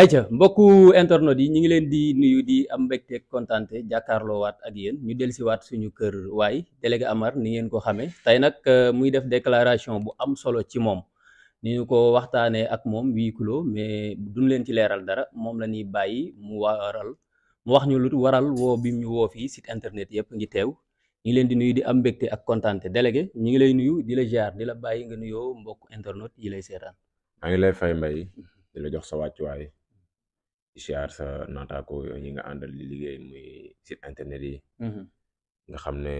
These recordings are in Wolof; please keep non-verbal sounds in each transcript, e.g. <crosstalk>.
ayca mbokku internet yi ñi ngi leen di nuyu di am contenté jakarlo wat ak yeen ñu wat suñu kër way délégué Amar ni ngeen ko xamé tay nak euh, muy def déclaration bu am solo ci mom ni ñu ko waxtané ak mom wi kulo mais duñ leen ci léral dara mom la ni bayyi mu waral mu wax ñu lu waral wo bi ñu wo fi site internet yépp ngi tew ñi leen di nuyu di am mbégte ak contenté délégué ñi ngi lay nuyu di la jaar di la bayyi nga nuyo mbokku internet yi lay sétane maa ngi lay fay mbay di jox sa siyaar sa ko yi nga andal li liggéey muy site internet yi mhm. nga xam ne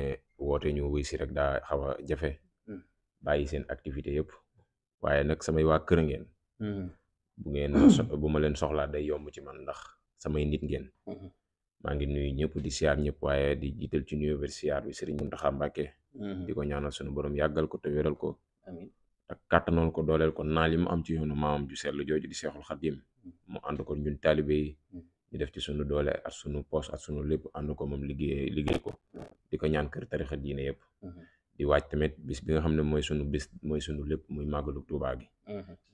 ñu wuy si rek daa xawa jafé jafe mhm. seen activité yépp waaye nak samay wa kër ngeen mhm. bu ngeen bu ma leen soxla day yomb ci man ndax samay nit ngeen ma ngi nuy ñëpp di ciar ñëpp waaye di jiital ci nuyu ver ciar bi serigne Muntaxa Mbàkke diko ñaanal suñu borom yagal ko te wéral ko amin ak kàttanoon ko dooleel kon naa li mu am ci yoonu maamam ju sell jooju di seexul xadim mu ànd ko ñun taalibe yi ñu def ci sunu doole ak sunu poos ak sunu lépp ànd ko moom liggéey liggéey ko di ko ñaan kër tarixa diine yëpp di waaj tamit bis bi nga xam ne mooy sunu bis mooy sunu lépp muy màggalu Tuubaa gi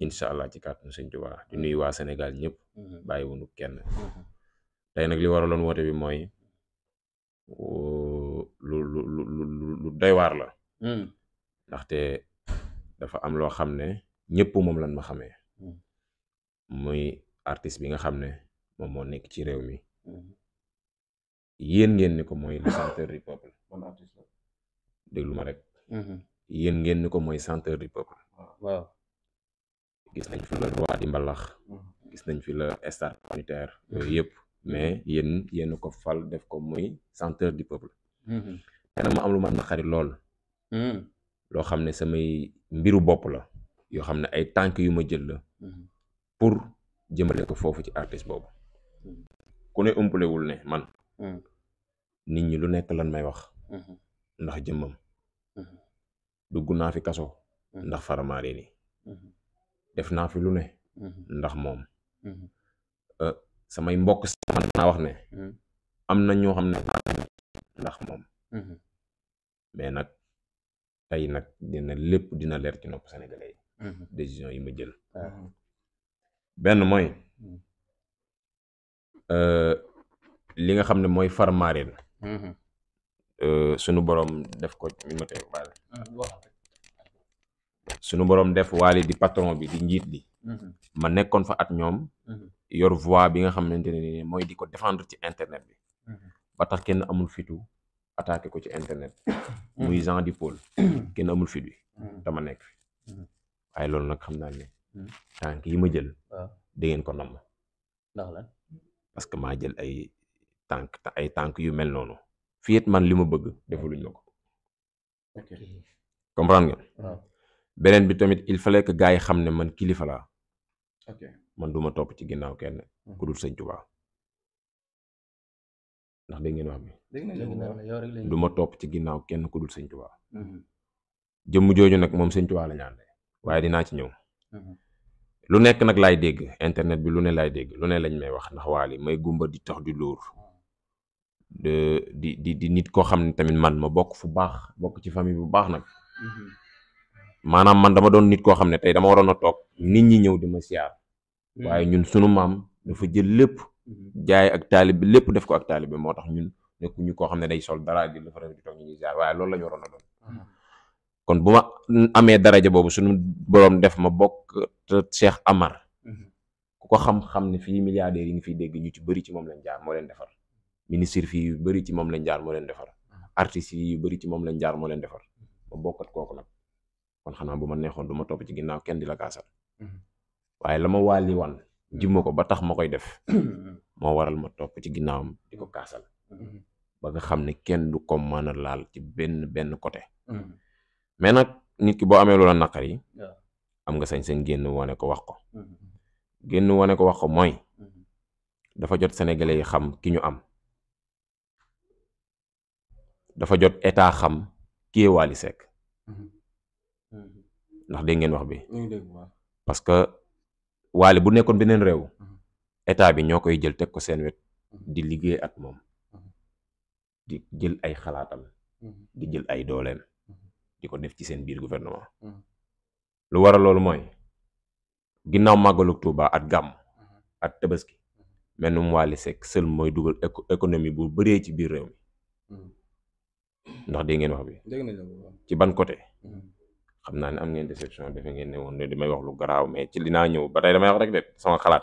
incha allah ci kàttanu sëñ Tuubaa di nuyu waa Sénégal ñëpp bàyyi wunu kenn tey nag li waraloon woote bi mooy lu lu lu lu doy waar la hmm. ndaxte dafa am loo xam ne ñëpp moom lan ma xamee hmm. muy artiste bi nga xam ne moom moo nekk ci réew mi hmm. yéen ngeen ni ko mooy le chanteur du peuple <laughs> déglu ma rek hmm. yéen ngeen ni ko mooy chanteur du peuple gis nañ fi la roi di mbalax gis nañ fi la star planétaire yooyu yëpp mais yéen yéen ko fal def ko muy chanteur du peuple te ma am lu ma xari lool loo xam ne samay mbiru bopp la yoo xam ne ay tànk yu ma jël la mhm. pour jëmale ko foofu ci artiste boobu mhm. ku ne umpalewul ne man mhm. nit ñi lu nekk lan may wax ndax jëmmam dugg naa fi kaso ndax faramaare ni def naa fi lu ne ndax moom euh, samay mbokk man wax ne am na ñoo xam ne ndax moom mais nag tey nag dina lépp dina leer ci nopp sénégalais yi mhm. décision yi ma jël ah. benn mooy mhm. euh, li nga xam ne mooy farmaareen mhm. euh, sunu borom def ko mi ma tee baal ah, sunu borom def waali di patron bi di njiit li ma nekkoon fa at ñoom yor voix bi nga xamante ne ni mooy di ko défendre ci internet bi ba tax kenn amul fitu attaqué ko ci internet. <coughs> muy hmm. Jean du Paul. <coughs> kenn amul fit wi. Hmm. dama nekk fi. Hmm. loolu nag xam naa ne. tànk yi ma jël. waaw dangeen ko namm. ndax lan que maa jël ay tànk ay tànk yu mel noonu. fii it man li ma bëgg defaluñ ma ko. ok nga. beneen bi tamit il fa lekk gars yi xam ne man kilifa laa. ok man duma topp ci ginnaaw kenn. ku dul sëñ Tuubaa ndax dégg ngeen wax du ma topp ci ginnaaw kenn ku dul sëñ Tuubaa mm-hmm. jëmm jooju nag moom sëñ Tuubaa waaye dinaa ci ñëw mm-hmm. lu nekk nag laay dégg internet bi lu ne laay dégg lu ne lañ may wax ndax waali may gumba di tax di lóor de di di di nit koo xam ne tamit man ma bokk fu baax bokk ci famille bu baax nag mm-hmm. maanaam man dama doon nit koo xam ne tey dama waroon a toog nit ñi ñëw di ma siyaar waaye ñun sunu maam dafa jël lépp jaay ak taalib bi lépp def ko ak taalib bi moo tax ñun nekku ñu ko xamne day sol dara di defal di toog ñu ngi ziar waaye loolu lañu ñu waroon doon kon buma amé amee daraja bobu suñu borom def ma bok te Cheikh Amar mhm. ku ko xam-xam ni fi milliardaire yi fi fiy dégg ñu ci bëri ci mom lañ jaar mo leen defal ministre fi yu bëri ci mom lañ jaar mo leen defal artiste yi yu bëri ci mom lañ jaar mo leen defal mhm. ma bokkat koku nak kon xana buma neexon duma top ci ginnaw kenn di la kaasal mhm. waye lama wali wan jimma ba tax makoy def mo waral ma top ci ginnaw diko ko Mm-hmm. ba nga xam ne kenn du ko mën a laal ci benn benn côté. Mm-hmm. mais nag nit ki boo amee loola naqar yi. am nga sañ-sañ génn wane ko wax ko. Mm-hmm. génn wane ko wax ko mooy. dafa jot sénégalais yi xam ki ñu am. dafa jot état xam kii Wally Seck ndax dégg ngeen wax bi parce que Wally bu nekkoon beneen réew état bi ñoo koy jël teg ko seen wet di liggéey ak moom di jël ay xalaatam mhm. di jël ay dooleem mhm. di ko def ci seen biir gouvernement mhm. lu waral loolu mooy ginnaaw màggalu Tuuba at gàmm at tabaski mel ni mu Wally Seck seul mooy dugal économie bu bëree ci biir réew mi ndax dégg ngeen wax bi ban côté xam naa ne am ngeen déception defe ngeen ne woon ne damay wax lu garaaw mais ci li ñëw ba tey damay wax rek de sama xalaat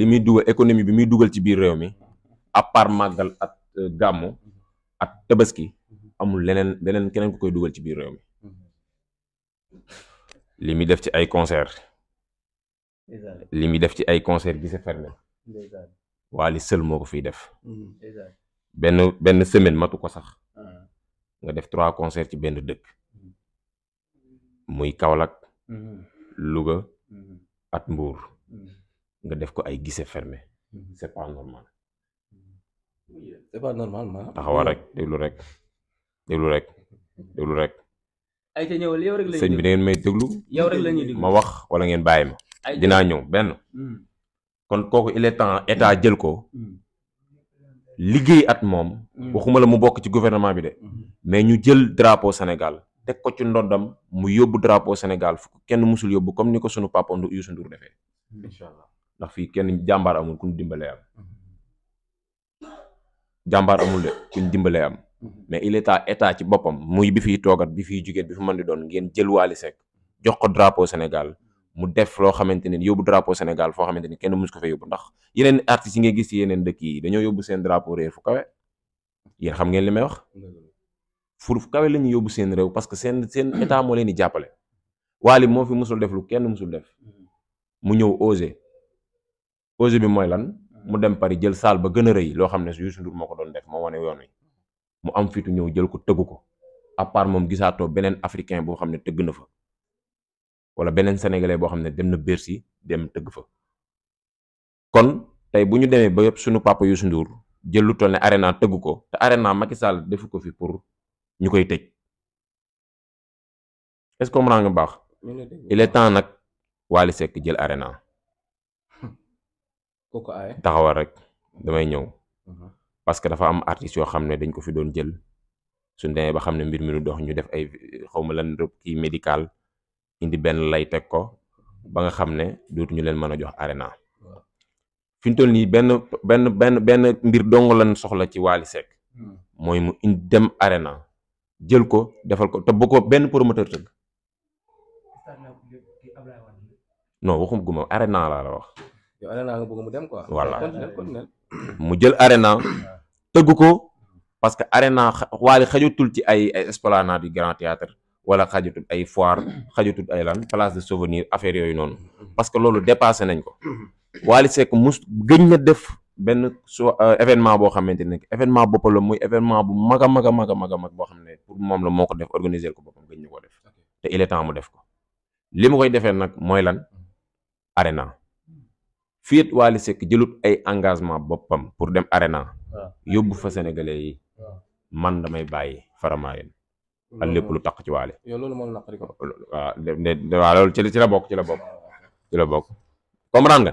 li muy dugal économie bi muy dugal ci biir réew mi à part màggal ak euh, gàmmu ak tabaski mhm. amul leneen leneen keneen ku koy dugal ci biir réew mi mhm. li muy def ci ay concert li muy def ci ay concert gise ferme waa li sël moo ko fiy def mhm. benn benn semaine matu ko sax ah. nga def trois concerts ci benn dëkk muy Kaolack Louga at Mbour nga def ko ay gise ferme c'est oh, iya. pas normal ma taxawal rek déglu rek déglu rek déglu rek ay te ñëwal yow rek la sëñ bi da ngeen may déglu yow rek la ñuy déglu ma wax wala ngeen bàyyi ma dinaa ñëw benn kon kooku il est temps état jël ko liggéey at moom waxuma la mu bokk ci gouvernement bi de mais hmm. ñu jël drapeau Sénégal teg ko ci ndondam mu yóbbu drapeau Sénégal fu kenn musul yóbbu comme ni sunu papa Youssou Ndour defee hmm. incha ndax fii kenn jàmbaar amul ku ñu dimbalee am hmm. jàmbaar amul de kuñ dimbalee am mhm. mais il est à état ci boppam muy bi fiy toogat bi fiy jugee bi fi mën di doon ngeen jël Wally Seck jox ko drapeau Sénégal mu def loo xamante ne yóbbu drapeau Sénégal foo xamante ni kenn mus ko fa yóbbu ndax yeneen artistes yi ngay gis ci yeneen dëkk yi dañoo yóbbu seen drapeau réer fu kawe yéen xam ngeen li may wax fu kawe la ñuy yóbbu seen réew parce que seen seen <clears throat> état moo leen di jàppale Wally moo fi musul def lu kenn musul def mhm. mu ñëw osé osé bi mooy lan mu dem Paris jël saal ba gën a rëy loo xam ne Youssou Ndour moo ko doon def moo wane yoon wi mu am fitu ñëw jël ko tëgg ko à part moom gisaatoo beneen africain boo xam ne tëgg na fa wala beneen sénégalais boo xam ne dem na Bercy dem tëgg fa kon tey bu ñu demee ba yëpp suñu papa Youssou Ndour jël lu toll ne arena tëgg ko te arena Macky Sall defu ko fi pour ñu koy tëj est-ce que nga baax il temps nag Wally sekk jël arena ko taxawal rek damay ñëw. Uh-huh. parce que dafa am artistes yoo xam ne dañ ko fi doon jël suñ demee ba xam ne mbir mi lu dox ñu def ay xawma lan kii médical indi benn lay teg ko ba nga xam ne dootuñu leen mën a jox arena fi toll nii benn benn benn benn mbir dong lan soxla ci Wally Seck hmm. mooy mu indi dem arena jël ko defal ko te bu ko benn promoteur tëgg non waxum guma arena laa la wax yow arena nga mu dem quoi. voilà mu jël arena tëgg ko parce que arena waali xajatul ci ay ay esplanade yu grand théâtre wala xajatul ay foire xajatul ay lan place de souvenir affaire yooyu noonu parce que loolu dépassé nañ ko waali Seck mus gëñ na def benn su euh, événement boo xamante ne événement boppam la muy événement bu mag a mag a mag a mag a mag boo xam ne pour moom la moo ko def organiser ko boppam gëñ ñu ko def te il est mu def ko li mu koy defee nag mooy lan arena fii wali sek Seck jëlut ay engagement bopam pour dem arena ah. yobbu fa sénégalais yi ah. man damay bàyyi faramaayen al lepp lu tak ci Wally yow loolu moo naqari ko wa lolu ci ci la bok ci la bok ci la bok ah. comprendre nga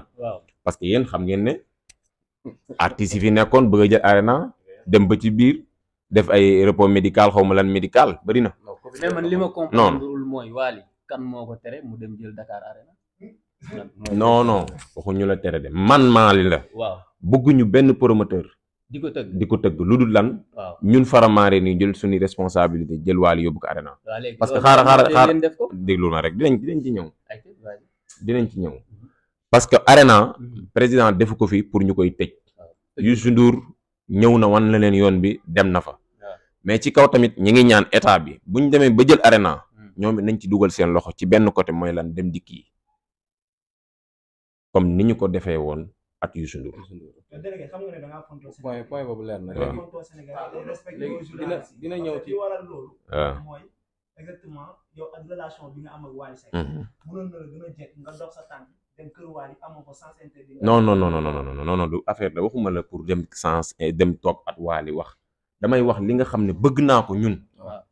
parce que yeen xam ngeen né artiste fi nekkone bëgg jël arena dem ba ci biir def ay repos médical xawma lan médical bari na non man li ma comprendre mooy Wally kan moko téré mu dem jël Dakar arena noonoo non waxuñu la tere de man maa la. waaw bëgguñu benn promoteur. di ko tëgg di ko tëgg lu dul lan. ñun faramaare ni jël suñu responsabilité jël waali yóbbu ko arena. parce que xaaral xaaral xaaral déglu na rek dinañ dinañ ci ñëw. dinañ ci ñëw mhm. parce que arena mhm. président defu ko fi pour ñu koy tëj. Youssou Ndour ñëw na wan la leen yoon bi dem na fa. mais ci kaw tamit ñi ngi ñaan état bi bu ñu demee ba jël arena. Mhm. ñoom it nañ ci dugal seen loxo ci benn côté mooy lan dem dikk yi. comme ni ñu ko defee woon ak Youssou Ndour. délégué xam nga ne da ngaa fonto Sénégal. point point boobu leer na léegi léegi dina dina ñëw ci. waaw mooy exactement yow ak relation bi nga am ak Wally Seck. Mm-hmm. mënoon na la gën a jekk nga dox sa tànk dem kër Wally amoo ko sans intérêt. non non non non non non non non du affaire la waxuma la pour dem sans eh, dem toog at Wally wax damay wax li nga xam ne bëgg naa ko ñun.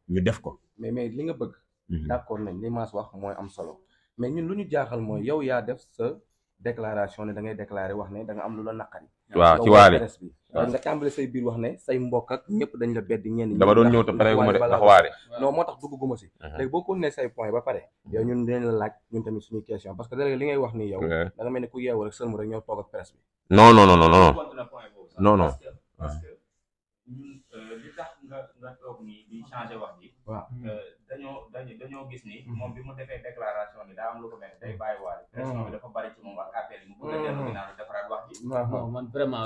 ñu def ko. mais mais li nga bëgg. Mm-hmm. d'accord nañ li Mass wax mooy am solo mais ñun lu ñu jaaxal mooy yow yaa def sa. déclaration ne da ngay déclarer wax ne da am lu la naqari. waaw ci waale waaw nga tàmbale say biir wax ne say mbokk ak ñëpp dañ la bedd ñenn ñi. dama doon ñëw te pare gu ma de ndax waale. non moo tax si. Uh-huh. léegi boo ko nee say point ba pare. Uh-huh. yow ñun dinañ la laaj ñun tamit suñuy question parce que léeg li ngay wax nii yow. da mel ne ku yeewu rek sëlmu rek ñëw toog ak presse bi. non non non non non non dañoo dañu dañoo gis ni mhm. moom bi déclaration lu ko mhm. Mhm. bi bari ci appel bëgg man vraiment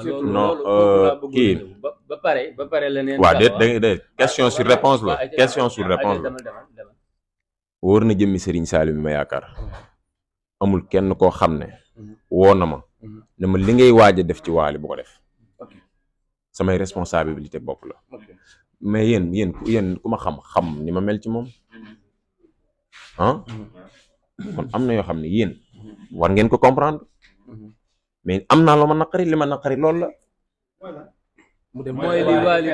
euh, ba question sur réponse la question sur réponse la wóor Serigne Saliou ne li ngay a def ci waali bu ko def samay responsabilité la mais yen yen yen ku ma xam xam ni ma mel ci mom han ah? kon amna yo xamni yen war ngeen ko comprendre mais amna lo ma nakari lima nakari lol la mu dem moy li wali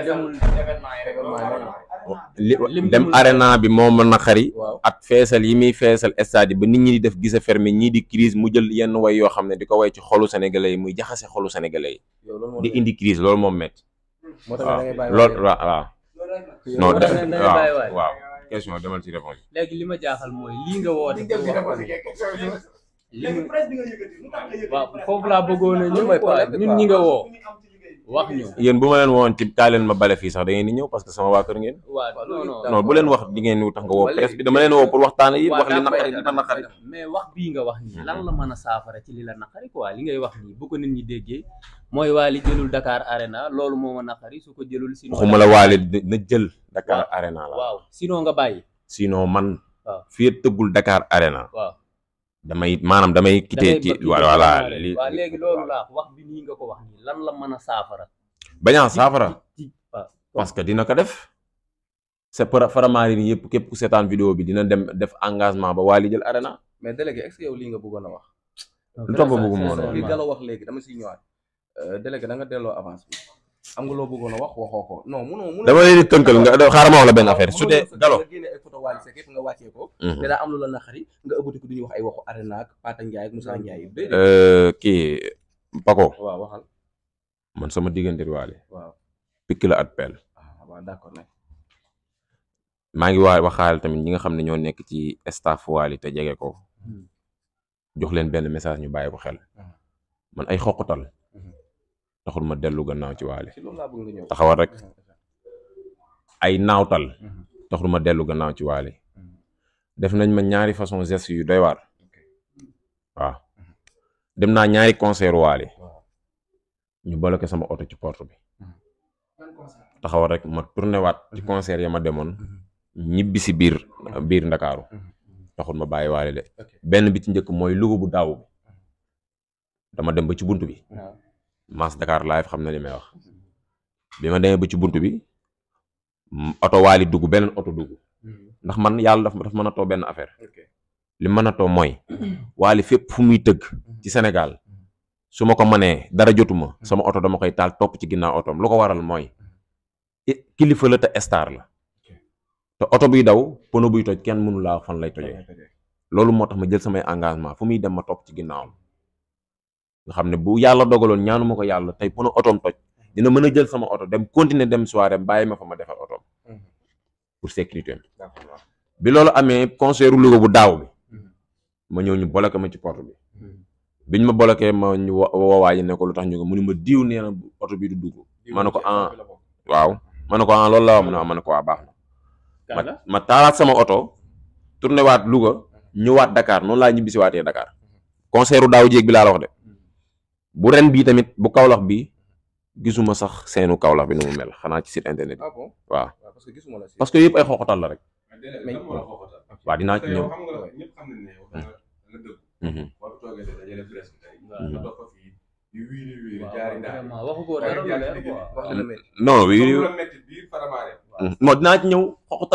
demul dem arena bi moo ma naqari at fessel yimi fessel feesal stade ba nit ñi di def gisa fermé ñi di crise mu jël yenn way yo xam diko way ci xolu sénégalais muy jaxase xolu sénégalais di indi crise lol loolu moom métti waaw loolu waaw waaw non waaw waaw question demal ci réponse léegi li ma jaaxal mooy lii nga woote li waaw foofu laa bëggoon ñun ñi nga woo wax ñu yéen bu ma leen woon ci kaa leen ma bale fii sax da ngeen di ñëw parce que sama waa ngeen non bu leen wax di ngeen tax nga woo presse bi dama leen woo pour waxtaan yi wax li naqari nga wax nii la mën a saafara ci li la naqari quoi li ngay wax nii bu ko nit ñi déggee mooy waali jëlul Dakar Arena loolu moo ma naqari su ko jëlul sinon waxuma la waali na jël Dakar Arena la waaw sinon nga bàyyi sinon man fii tëggul Dakar Arena waaw damay maanaam damay quitté ci voilà léegi loolu laa wax bi nii nga ko wax nii lan la mën a saafara bañaa saafara parce que dina ko def c'est pour Faramareen yëpp képp ku seetaan vidéo bi dina dem def engagement ba waa Wally jël arena mais délégué est-ce que yow lii nga bëggoon a wax lu tax nga bëggoon a wax li Gallo wax léegi dama siy ñëwaat euh, délégué da nga delloo avance bi am nga loo bëggoon a wax waxoo ko non dama leen di tënkal nga xaaral ma wax la benn affaire su dee galo nga génne ay photo Wally Seck yëpp nga wàccee ko. te mhm. daa am la naqari nga ëbbati ko du ñuy wax ay waxu Arena ak Pata Ndiaye ak Moussa Ndiaye. Euh, kii Paco. man sama diggante bi Wally. waaw pikk la at peel. Ah, maa ngi waa waxaale tamit ñi nga xam ne ñoo nekk ci staff Wally te jege ko. Hmm. jox leen benn message ñu bàyyi ko xel. Hmm. man ay xoqtal hmm. taxul ma dellu gannaaw ci waali taxawal rek mhm. ay naawtal mhm. taxul ma dellu gannaaw ci waali mhm. def nañ ma ñaari façon geste yu doy waar waaw dem naa ñaari concert waali ñu bloqué sama oto ci porte bi taxawal rek ma tourné waat ci concert ya ma demoon ñibbi si biir biir ndakaaru taxul ma bàyyi waale de benn bi ci njëkk mooy Louga bu daaw bi dama dem ba ci bunt bi mas Dakar live xam na li may wax bima demé ci buntu bi auto wali dugg beneen auto dugg hmm. ndax man yalla daf daf meuna to benn affaire li meuna to moy wali fep fu muy teug hmm. ci senegal hmm. suma ko mané dara jotuma sama auto dama koy tal top ci ginnaaw otoom lu ko waral moy kilifa la ta star la te auto bi daw pono buy toj ken fan lay toje lolou motax ma jël sama engagement fu muy dem ma top ci nga xam ne bu yàlla dogaloon ñaanu ma ko yàlla tey pono otoom toj dina mën a jël sama oto dem continuer dem soirée bàyyi ma fa ma defar otoom mhm. pour bi loolu amee concert Louga bu daaw bi mhm. ma ñëw ñu bloqué ma ci porte bi mhm. biñ ma boloke ma ñu woowaa ji ne ko lu tax ñu ko mu ne ma diw nee na oto bi du dugg man ne ko ah waaw ma ne ko ah loolu la waa mun a ne ko waa ah, ah, baax na ma taalaat sama oto tourné waat Louga ñëwaat Dakar noonu laa ñibbisiwaatee Dakar concert u daaw jéeg bi laa la wax de bu ren bii tamit bu Kaolack bi gisuma sax seenu Kaolack bi nu mu mel xanaa ci site internet bi ah waaw parce que yëpp ay xooxatal la rek ah, waaw dinaa ci ñëw non wii non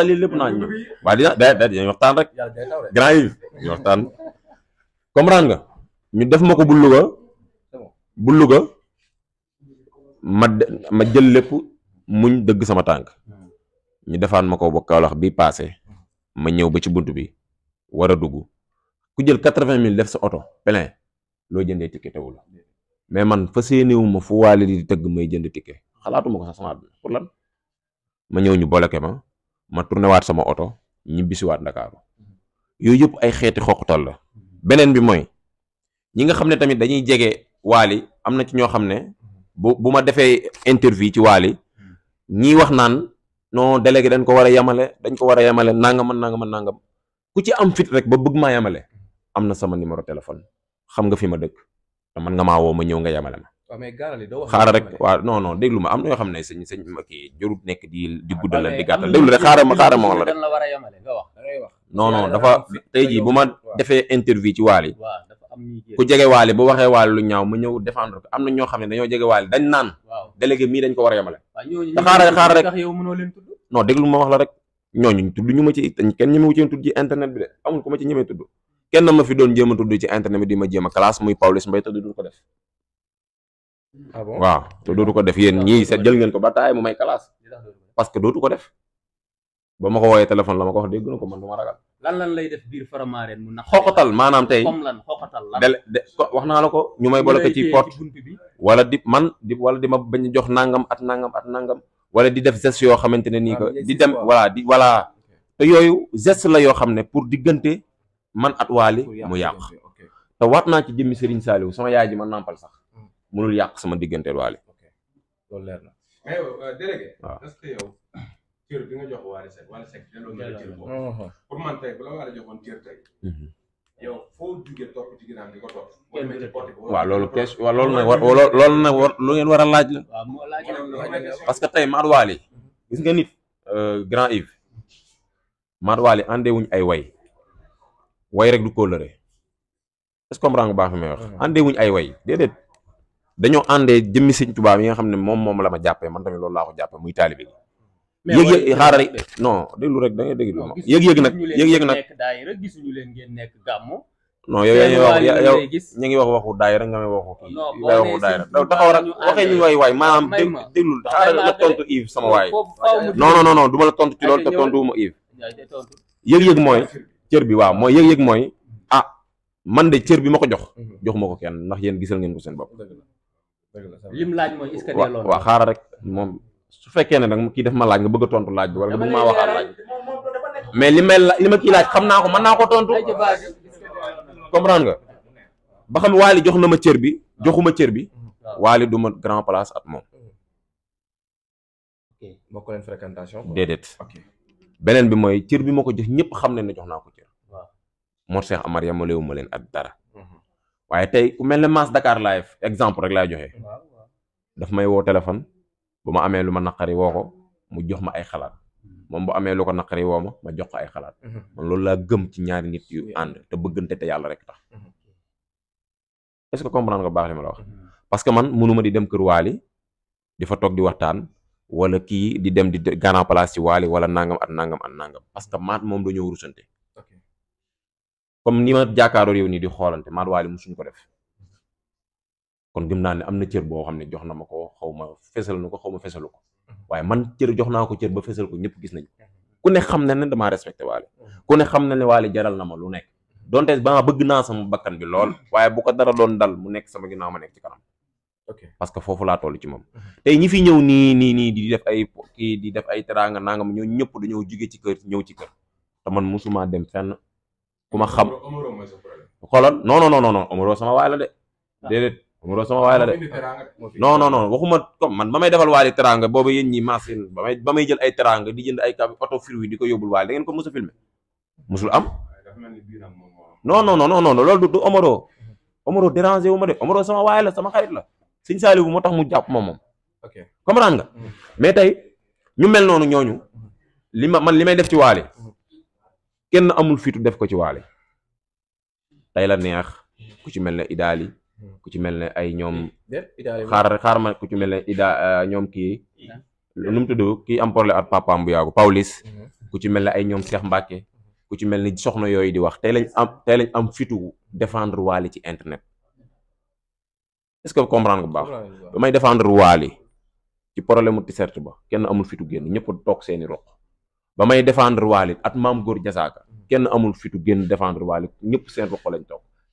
yi lépp waxtaan rek grand nga ñu def ma ko bu Louga buluga Louga ma ma jël lepp muñ dëgg sama tank ñu defaan mako ko ba bi passé ma ñëw ba ci buntu bi wara duggu ku jël 80000 def sa auto plein lo jëndé ticket tewu mais man fa wu ma fu waale di tëgg may jënd ticket xalaatuma ko sax sama pour lan ma ñëw ñu ma ma tourné waat sama ñi ñibbisiwaat waat dakar yoyep ay xeeti xoxtal la benen bi moy ñi nga xamné tamit dañuy jégué waali am na ci ñoo xam ne bu bu ma defee interview ci waali ñii wax naan non délégué dañ ko war a yemale dañ ko war a yemale nangam ak nangam ak nangam ku ci am fit rek ba bëgg ma yemale am na sama numéro téléphone xam nga fi ma dëkk te man nga maa woo ma ñëw nga yemale ma. xaara rek waaw non non déglu ma am na yoo xam ne sëñ sëñ ma kii jarut nekk di di ah, guddal di gàttal déglu rek xaaral ma xaaral ma wax la rek non non dafa tey jii bu ma defee interview ci waal yi ku jege waale bu waxee waale lu ñaaw ma ñëw défendre ko am na ñoo xam ne dañoo jege waale dañ naan délégué mii dañ ko war a yemale te xaaral xaaral rek non déglu ma wax la rek ñooñu tudd ñu ma ci kenn ñeme wu ci tudd ci internet bi de amul ku ma ci ñemee tudd kenn ma fi doon jéem a tudd ci internet bi di ma jéem a muy Pawlish Mbaye te du ko def ah waaw te dootu ko def yéen ñii set jël ngeen ko ba taay mu may classe parce que dootu ko def ba ma ko woowee téléphone la ma ko wax dégg na ko man du ma lan lan lay def biir Faramareen mu nax xoqatal maanaam tey comme lan xoqatal lan de wax naa la ko ñu may bloqué ci porte wala di man di wala di ma bañ jox nangam at nangam at nangam wala di def geste yoo xamante ne nii ko di dem voilà di voilà te yooyu gest la yoo xam ne pour diggante man at waali mu yàq te waat naa ci jëmmi Serigne Saliou sama yaay ji ma nàmpal sax hmm. munul yàq sama diggante waali loolu leer na mais euh, cër bi nga jox Wally Seck Wally Seck delloo nga la cër boobu uh-huh. pour mm-hmm. loolu question waaw lu ngeen war a laaj la parce que tey Mad Wally gis nga nit euh, Grand Yves Mad Wally àndee wuñ ay way way rek du kóllëre est-ce que baax fi may wax uh-huh. àndee wuñ ay way déedéet dañoo àndee jëmmi sëñ yi nga xam ne moom moom la ma jàppee man mi loolu laa ko jàppee muy taalibe yëg-yëg xaaral non déglu rek da ngay déglu ma yëg-yëg nag yëg-yëg nag gisuñu leen ngeen nekk gàmmu non yow yaa ngi wax yow daay ngi wax nga may waxu kii ngay waxu daayira daw taxaw rek waxee ñu waay waay maanaam déglul xaaral nga tontu Yves sama waay non non non du ma la tontu ci loolu te tontuwuma Yves yëg-yëg mooy cër bi waaw mooy yëg-yëg mooy ah man de cër bi ma ko jox mhm. jox ma ko kenn ndax yen gisal ngeen ko seen bopp lim xaaral rek moom su fekkee ne nag kii def ma laaj nga bëgg tontu laaj bi wala nga bëgg maa waxaat laaj mais li may li ma kii laaj xam naa ko mën naa ko tontu comprendre nga ba xam waali jox na ma cër bi joxuma cër bi waali du ma grand place at moom bokk leen déedéet beneen bi mooy cër bi ma ko jox ñëpp xam ne ne jox naa ko cër Mor Cheikh Amar yamalewu ma leen at dara mhm. waaye tey ku mel ne Mass dakaar live exemple rek laay joxe daf may woo téléphone Buma ma amee lu ma naqari mu jox ma ay xalaat mom hmm. bu amé luko nakari naqari ma ma jox ko ay xalaat hmm. man loolu la gëm ci ñaari nit yu and te bëggante te yalla rek tax hmm, est-ce que comprendre nga baax li ma wax parce que man mënuma di dem keur wali di fa tok di waxtaan wala ki di dem di gana Place ci wali wala nangam at nangam at nangam parce que mom do dañoo rusante comme ni ma jakaro rew ni di xoolante maat ko def kon gëm naa ne am na cër boo xam ne jox na ma ko xaw ma fesal na ko xaw ma fesalu ko mhm. waaye man cër jox naa ko cër ba fesal ko ñëpp gis nañ mhm. ku ne xam na ne damaa respecté waale mhm. ku ne xam na ne waale jaral na ma lu nekk donte ba bëgg naa sama bakkan bi lool waaye bu ko dara doon dal mu nekk sama ginnaaw ma nekk ci kanam parce que foofu laa toll ci moom tey ñi fi ñëw nii nii nii di def ay kii di nga ay teraanga nangam ñoo ñëpp dañoo jóge ci kër ñëw ci kër te man musuma dem fenn ku ma xam xoolal non non non non Omaro sama waay la de ah. Omaro sama waay la de non non non waxuma man ba may defal waali teranga boobu yéen ñi machine ba ba may jël ay teranga di jënd ay cab oto fruit di ko yóbbul waali ko mos a filmé mosul am non non non non loolu du Omaro Omaro dérangé wu ma de sama waay sama xarit la Sëñ Saliou bu moo tax mu jàpp moom moom comprendre nga mm-hmm. mais tey ñu mel noonu ñooñu mm-hmm. li ma man li may def ci waali mm-hmm. kenn amul fitu def ko ci waali tey la neex ku ci mel ne idaali Hmm. ku ci mel ne ay ñoom. xaar xaar ma ku ci mel ni Ida euh, ñoom kii. nu ah. mu tudd kii am problème ak papaam bu yaagu Paulis. Hmm. ku ci mel ne ay ñoom seex Mbacke. Hmm. ku ci mel ni soxna yooyu di wax tey lañ am tey lañ am fitu défendre Wally ci internet est-ce que comprendre bu baax. ba may défendre Wally ci problème mu t-shirt ba kenn amul fitu génn ñëpp toog seeni roq. ba may défendre Wally at maam góor jasaaka kenn amul fitu génn defendre Wally ñëpp seen roq lañ toog.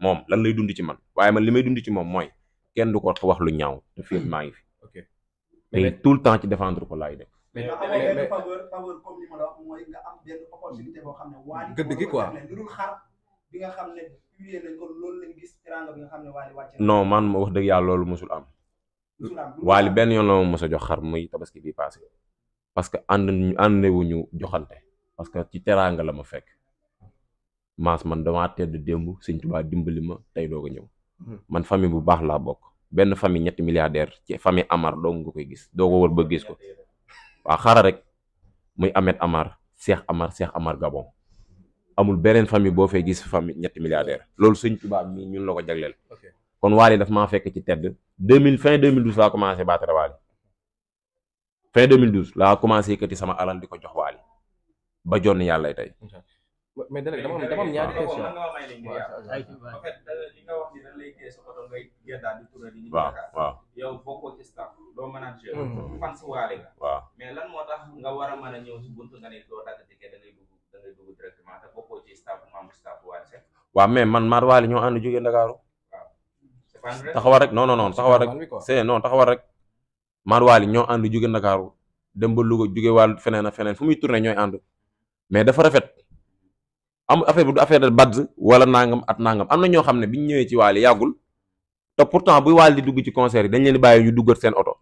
mom lan lay dund ci man waye man limay dund ci mom moy kenn du ko wax lu ñaaw mm-hmm. te fii ma ngi fi. ok mais tout le temps ci défendre ko lay def. mais man ma wax am. jox xar muy tabaski bi passé parce que ànd ñu wuñu joxante parce que ci teranga la ma fekk. maas man damaa tedd démb sëñ Tuubaa dimbali ma tey doog ko ñëw mhm. man famille bu baax laa bokk benn famille ñetti milliardaire ci famille Amar doog nga koy gis doo ko wër ba gis ko waaw xara rek muy Ahmed Amar Cheikh Amar Cheikh Amar Gabon amul beneen famille boo fee gis famille ñetti milliardaire loolu sëñ Tuubaa ñun la ko jagleel kon Wally daf maa fekk ci tedd deux 2000 fin 2012 laa commencé baatare Wally fin 2012 laa commencé yëkkati sama alal di ko jox Wally ba jonn yàlla tey ಮೆದಳಿಗೆ ನಮ್ಮ ನಮ್ಮ ನ್ಯಾಯ ಕೇಶ waaw waaw yow bokkoo ci man maar waale ñoo ànd jógee Ndakaaru taxawal rek non non non rek c'est non taxawal rek maar waale ñoo ànd jógee Ndakaaru dem ba Louga jógee wàll feneen fu anu. muy mais dafa rafet am affaire bi du affaire de badd wala nangam at nangam am na ñoo xam ne biñ ñëwee ci waali yàggul te pourtant bu waali di dugg ci concert yi dañ leen di bàyyi ñu duggat seen oto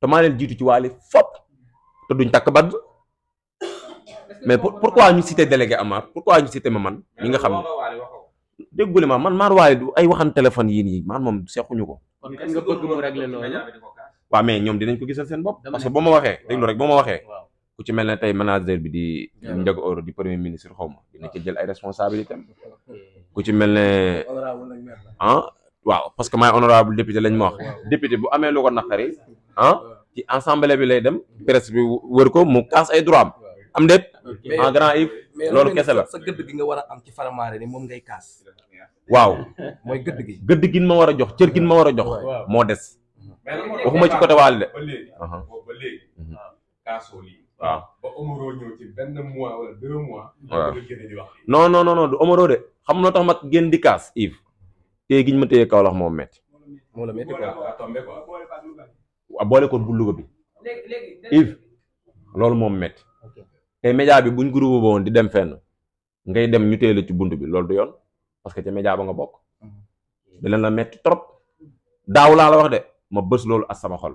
te maa leen jiitu ci waali fop te duñ takk badd mais pourquoi ñu cité délégué Amar pourquoi ñu cité ma man ñi nga xam ne déggule ma man maar waali du ay waxan téléphone yii nii man moom seexuñu ko. kon kan nga bëgg mu régler mais ñoom dinañ ko gisal seen bopp. parce que boo ma waxee déglu rek boo ma waxee. ku ci mel ne tey manager bi di Ndiago Oro di premier ministre xaw ma dina ci jël ay responsabilité <laughs> ku ci mel ne ah waaw parce que maay honorable député lañ ma wax député bu amee lu ko naqari ah ci assemblée bi lay dem presse bi wër ko mu kaas ay droit am am déet en grand if loolu kese la sa gëdd gi nga war a am ci faramaare ni moom ngay kaas waaw mooy gëdd gi ma war a jox cër gi ma war a jox moo des waxuma ci côté waal de waaw ba Omaro ñëw ci benn mois wala No, no, no, non non non non du Omaro de xam loo tax ma génn di kaas Yves téye gi ñu ma téye Kaolack moo métti. moo la métti quoi boole ko bu Louga bi. Yves loolu moom métti. te média bi buñ groupe woon di dem fenn ngay dem ñu téye ci bunt bi loolu du yoon parce que ca média ba nga bokk. Mhm. da leen la métti trop daaw laa la wax de ma bës loolu ak sama xol.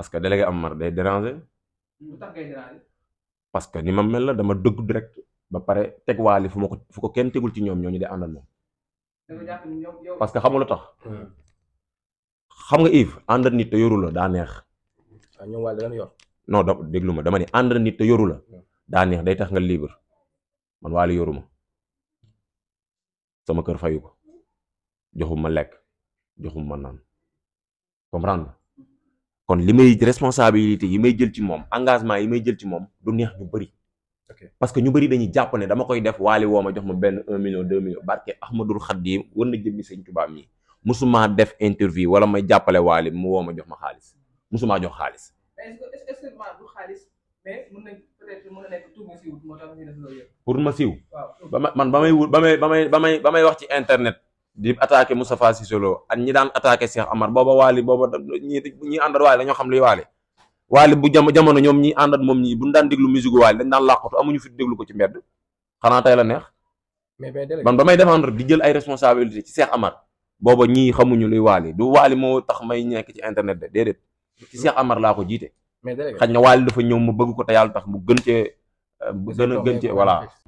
parce que délégué Amar day déranger. mu tax ngay déranger. parce que ni ma mel la dama dëgg direct ba paré teg wali fu ma ko fu ko kenn tegul ci ñom ñoo ñu dé andal mom parce que xam nga lu tax. Hmm. xam nga Yves andal nit te yoru la da neex. waaw wal da dañu yor. non da déglu dama ni andal nit te yoru la. Hmm. da neex day tax nga libre man wali yoru ma sama kër fayu ko joxum ma lekk joxum comprendre kon li may responsabilité yi may jël ci moom engagement yi may jël ci moom du neex ñu bëri. parce que ñu bëri dañuy jàppale dama koy def waali woo ma jox ma benn un million deux million barke Ahmadul Xaddim war na jëmmi sëñ Tuubaa mi musuma def interview wala may jàppale waali mu woo ma jox ma xaalis musuma jox xaalis. pour ma siiw. ba ma man ba may wut ba may ba may ba may wax ci internet. di attaqué Moustapha Cissé Lo ak ñi daan attaqué Cheikh Amar booba waali booba ñi ñi àndat waali dañoo xam liy waali waali bu jam jamono ñoom ñi àndat moom ñi buñ daan déglu musique waali dañ daan làqatu amuñu fit déglu ko ci mbedd xanaa tey la neex man ba may défendre di jël ay responsabilité ci Cheikh Amar booba ñii xamuñu luy waali du waali moo tax may nekk ci internet de déedéet ci Cheikh Amar laa ko jiite xaj na waali dafa ñëw mu bëgg ko te yàlla tax mu gën cee gën a gën cee voilà